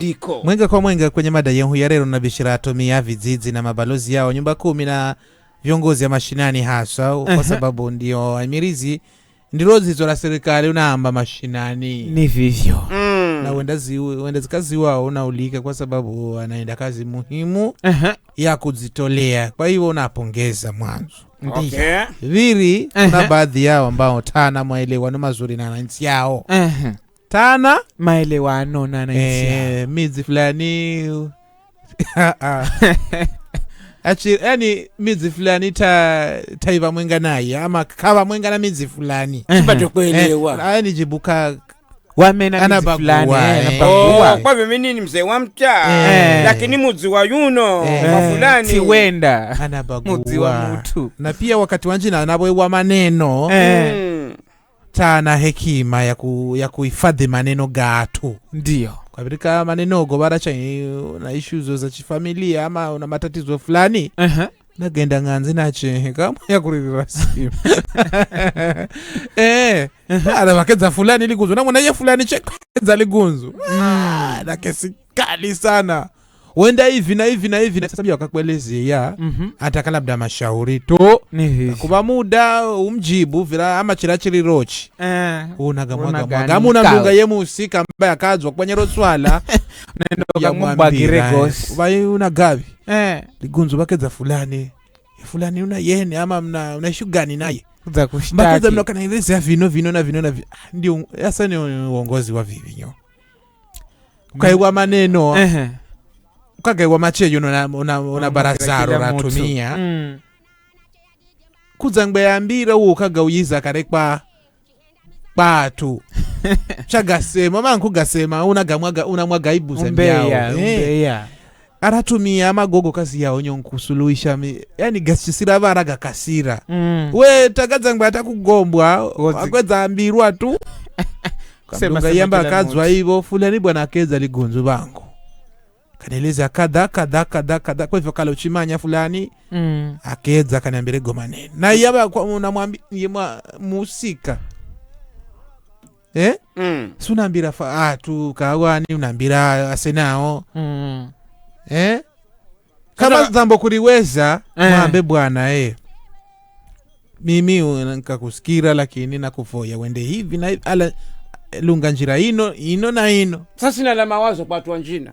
Diko. Mwenga kwa mwenga kwenye mada ya uhuyarero na bishiratumia vizizi na mabalozi yao nyumba kumi na viongozi ya mashinani haswa uh -huh. Kwa sababu ndio amirizi ndilo zizo la serikali unaamba mashinani ni vivyo mm. Na uendazikazi wao unaulika kwa sababu anaenda kazi muhimu uh -huh. ya kuzitolea kwa hiyo unapongeza mwanzo okay. viri kuna uh -huh. baadhi yao ambao tana mwaelewano mazuri na wananchi yao uh -huh tana maelewano na wananchi eh, e, mizi fulani ah, ah. yani mizi fulani ta taiva mwenga naye ama kava mwenga na mizi fulani sipate kuelewa yani jibuka kwavyo mimi ni mzee wa mta eh, lakini mudzi wa yuno eh, wa fulani siwenda anabagua mudzi wa mtu na pia wakati wanjina anavoewa maneno eh. mm taa na hekima ya, ku, ya kuhifadhi maneno gatu ndio katika manenogo baracha na issues za chifamilia ama una matatizo fulani uh -huh nagenda ng'anzi nachehe kamwe yakuririra simu eh ala wakedza fulani ligunzu namwe naye fulani chekedza ligunzu mm. ah, na kesi kali sana wenda hivi na hivi na hivi na sasa bia wakakuelezea mm -hmm. ataka labda mashauri tu kuba muda umjibu vila ama chira chiri rochi eh, unaga mwaga mwaga amu na ye musika mba ambaye akazwa kwenye roswala nendo kamwa giregos ubaye una gavi eh ligunzu bake za fulani fulani una yeni ama mna unaishi gani naye za kushtaki mbaka naelezea vino vino na vino na vino ah, ndio sasa ni uongozi wa vivinyo kaiwa maneno eh kagegwa macheyo onabarazaro ratumia mm. kudza ngwe yambira uwo kagauyiza kare kwa kwatu chagasema mankugasema unamwagaibuza mbyao hey. Eh. aratumia amagogo kazi yawo nyonkusuluhisha yani gasisira vara gakasira mm. we tagadza ngwe atakugombwa akwedza ambirwa tu kamdunga iyamba akadzwa ivo fulani bwana akedza ligunzu vangu kanaeleza kadha kadha kadha kadha, kwa hivyo kala uchimanya fulani mm. akeza akaniambia rego maneno na yaba unamwambia muhusika eh? mm. fa ah tu kawani unambira asenao mm. eh? kama zambo kuliweza eh. mwambe bwana eh mimi nkakusikira lakini nakufoya wende hivi na hivi ala lunga njira ino ino na ino sasa sina la mawazo kwa watu wa njina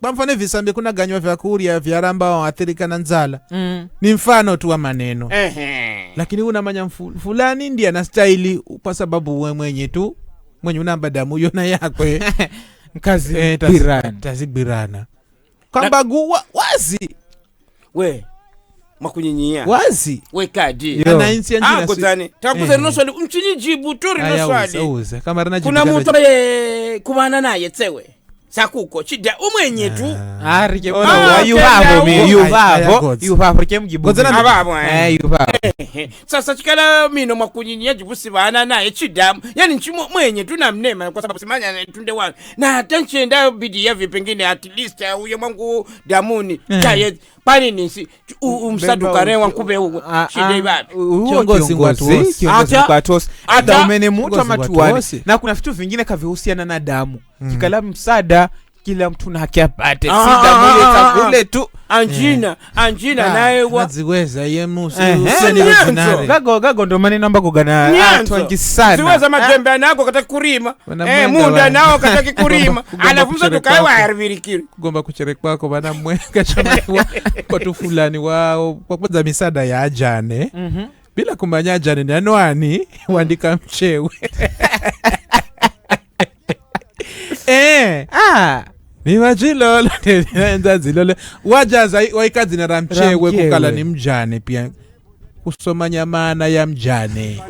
kwa mfano visambe kuna ganywa vyakurya vyaramba waathirika na nzala mm. ni mfano tu wa maneno Ehe. lakini unamanya fulani ndi ana staili kwa sababu we mwenye tu mwenye unamba damu yona yakwe eh, tazigwirana kwamba guwa wazi we mwakunyinyia wazi wekadianainsiyanjirakozani takuza rino eh. swali mchinyijibu tu rino swali kuna mutu aye kumana naye tsewe sakuko chidya umwenye tu ah. eh. eh, sasa chikala mino mwakunyinya jibusi vana naye chidamu yani nchi mwenye tu namnema kwa sababu simanya tunde wana na hata nchenda bidi yavi pengine at least uyo mwangu damuni eh. yeah pani ninsi umsadukare wankupe shideibapiuumene mutu matuani na kuna vitu vingine kavihusiana na damu hmm. kikala msada kila mtu na haki apate, sidamuletakule ah, ah, ah, tu anjina eh. anjina naziweza ye naye waziweza yemugago gago gago ndo maneno ambako gana atwangi sana ziweza eh. majembe anako kataki kurima eh munda nao kataki kurima tukai wa harvirikiri kugomba kuchere kwako kwa tu fulani wao kwa kwanza misada ya ajane mhm. bila kumanya ajane ni anwani mhm. wandika mchewe eh ah ni wajilola tinaenza zilole wajaza waikadzina ra mchewe kukala ni mjane pia kusoma nyamana ya mjane